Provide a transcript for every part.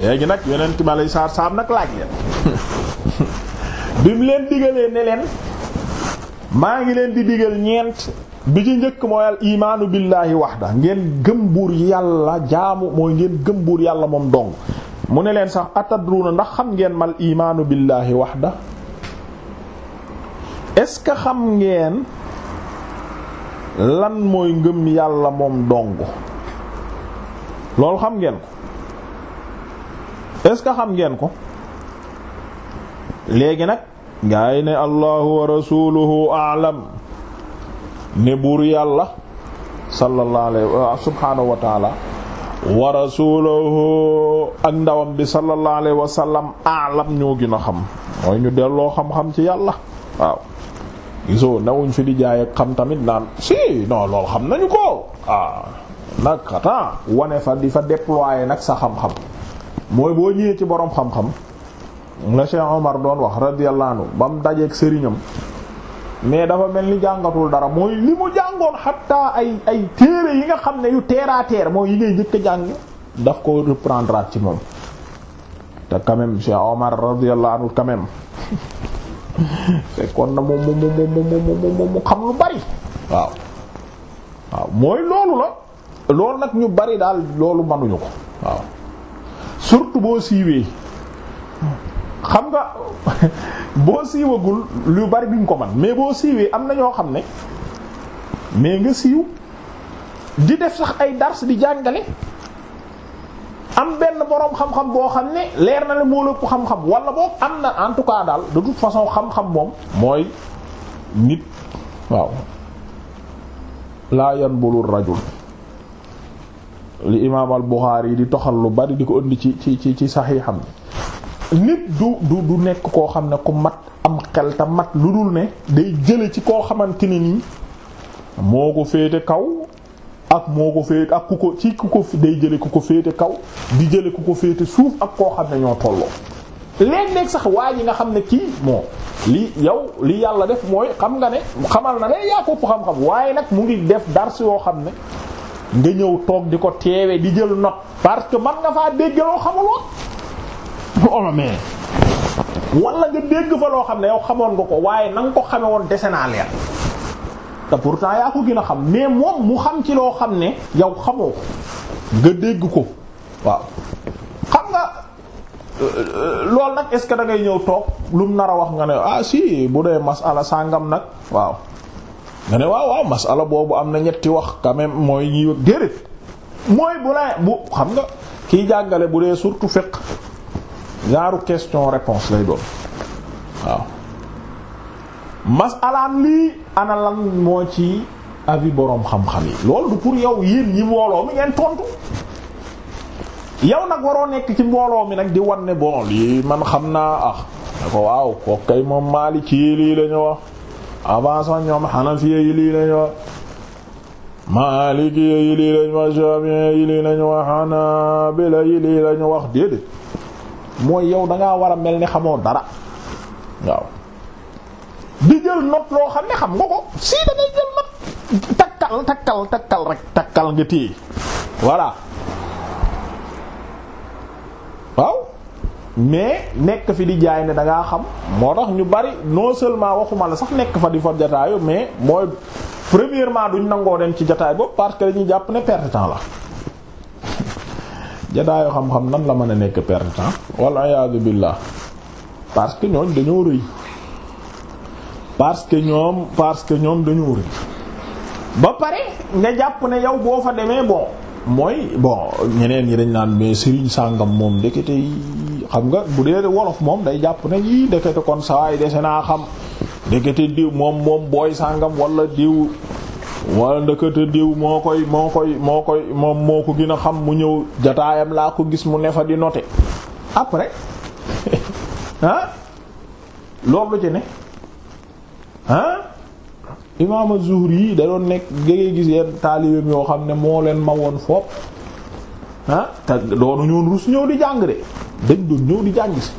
léegi nag yoneen ma lay saar saam nag laaj leen bi leen digalee ne leen maa ngi leen di digal ñeent bi ci njëkk mooy al imaanu billaahi waxda ngeen gëm buur yàlla jaamu mooy ngeen gëm buur yàlla moom dong mu ne leen sax atadruna ndax xam ngeen mal imaanu billaahi waxda est-ce que xam ngeen lan mooy ngëm yàlla moom dong loolu xam ngeen ko est-ce que xam ngeen ko léegi nag gaa yi ne allahu wa rasuluhu aalam ne buur yàlla sallallahu alayhi wa subhanahu wa taala ak ndawam bi sallallahu alayhi wa sallam aalam ñoo gën a xam mooy ñu delloo xam-xam ci yàlla waaw gisoo nawuñ fi di jaay ak xam tamit naan si non loolu xam nañu ko ah nag xataa wane fa di fa déployer nag sa xam-xam mooy boo ñëwee ci boroom xam-xam la Cheikh Omar doon wax radiyallahu anhu ba mu dajeeg sëriñam mais dafa mel ni jàngatul dara mooy li mu jàngoon xatta ay ay téere yi nga xam ne yu terre à terre mooy yi ngay njëkk a jàng daf ko reprendre ci moom te quand même Cheikh Omar radiyallahu anhu quand même fekkoon na mu mu mu mu mu xam lu bari waaw waaw mooy loolu la loolu nag ñu bari daal loolu manuñu ko surtout boo siiwee xam nga boo siiwagul lu bari duñ ko man mais boo siiwee am na ñoo xam ne mais nga siiw di def sax ay dars di jàngale am benn boroom xam-xam boo xam ne leer na la moo lëpp xam-xam wala boo am na en tout cas daal de toute façon xam-xam moom mooy nit waaw laa yan bulul rajul li imaam al Buxaari di toxal lu bari di ko indi ci ci ci ci saxiixam nit du du du nekk koo xam ne ku mat am xel mat lu dul ne day jële ci koo xamante ne nii moo ko féete kaw ak moo ko féete ak ku ko ci ku ko day jële ku ko féete kaw di jële ku ko féete suuf ak koo xam ne ñoo tolloo léeg-léeg sax waa nga xam ne kii moo li yow li yàlla def mooy xam nga ne xamal na ne yaa ko xam-xam waaye nag mu ngi def dars yoo xam ne nga ñëw toog di ko teewe di jël note parce que man nga faa dégg loo xamuloo loolu oh, mais nga dégg fa loo xam ne yow xamoon nga ko waaye na ko xame woon dese naa leer te pourtant yaa ko gën a xam mais moom mu xam ci loo xam ne yow xamoo ko nga dégg ko waaw xam nga euh, loolu nag est ce que da ngay ñëw toog lu mu nar a wax nga ne ah si bu dee masala sàngam nag waaw nga ne waaw waaw masala boobu am na ñetti wax quand mooy ñi déedéet mooy bu laa bu xam nga kiy jàngale bu dee surtout fiqh genre question réponse lay doon waaw masalaan lii ana lan moo ci avis boroom xam-xam yi loolu du pour yow yéen ñi mbooloo mi ngeen tontu yow nag waroo nekk ci mbooloo mi nag di wan ne bon lii man xam naa ah ne ko waaw kooku kay moom Maliki lii lañu wax. avant sax ñoom xanafiya yi lii lañu wax yi lii lañu wax shafiya yi lii lañu wax xanaabila yi lii lañu wax déedéet mooy yow dangaa war a mel ni xamoo dara waaw di jël note loo xam ne xam nga ko si dangay jël note takkal takkal takkal rek takkal mais nekk fi di jaay ne da ngaa xam moo tax ñu bari non seulement waxuma la sax nekk fa di fa jataayu mais mooy premièrement duñ nangoo dem ci jataay boobu parce que dañuy jàpp ne perte temps la jataayu xam-xam nan la mën a nekk perte temps walla iyaadu billah parce que ñooñ dañoo rëy parce que ñoom parce que ñoom dañoo rëy ba pare nga jàpp ne yow boo fa demee bon mooy bon ñeneen yi dañ naan mais Serigne Sangam moom ndekete yi xam nga bu dee wolof moom day jàpp na yii ndekete kon sawaay dese naa xam ndekete diw moom moom booy sàngam wala diw wala ndekete diw moo koy moo koy moo koy moom moo ko gën a xam mu ñëw jataayam laa ko gis mu ne fa di noter après ah loolu ci ne ah imaam Zuhri yi da doon nekk géegee gis yenn taalibeem yoo xam ne moo leen ma woon foop ah te doonu ñoon rus ñëw di jàng de dañ doon ñëw di jàng si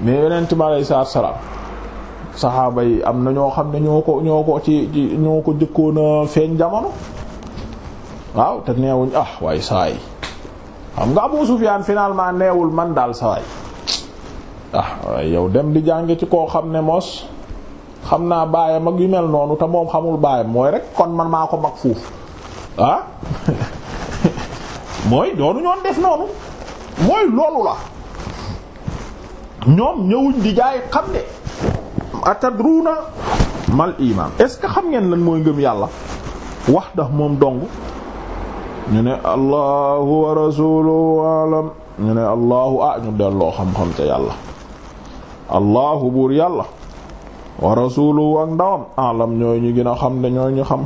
mais yonent mi alayhi salaatu salaam saxaaba yi am na ñoo xam ne ñoo ko ñoo ko ci ñoo ko jëkkoona feeñ jamono waaw te neewuñ ah waaye saa yi xam nga Abu Sufyaan finalement neewul man daal saa yi ah waaye yow dem di jàng ci koo xam ne mos xam naa baayam ak yu mel noonu te moom xamul baayam mooy rek kon man maa ko mag fuuf ah mooy doonu ñoon def noonu. mooy loolu la ñoom ñëwuñ di jaay xam ne atadruna mal iman est-ce que xam ngeen lan mooy ngëm yàlla wax dax moom dong ñu ne allahu wa rasuluhu alam ñu ne allahu ah ñu delloo xam-xam ca yàlla allahu buur yàlla wa rasuluhu ak ndawam alam ñooy ñu gën xam ne ñooy ñu xam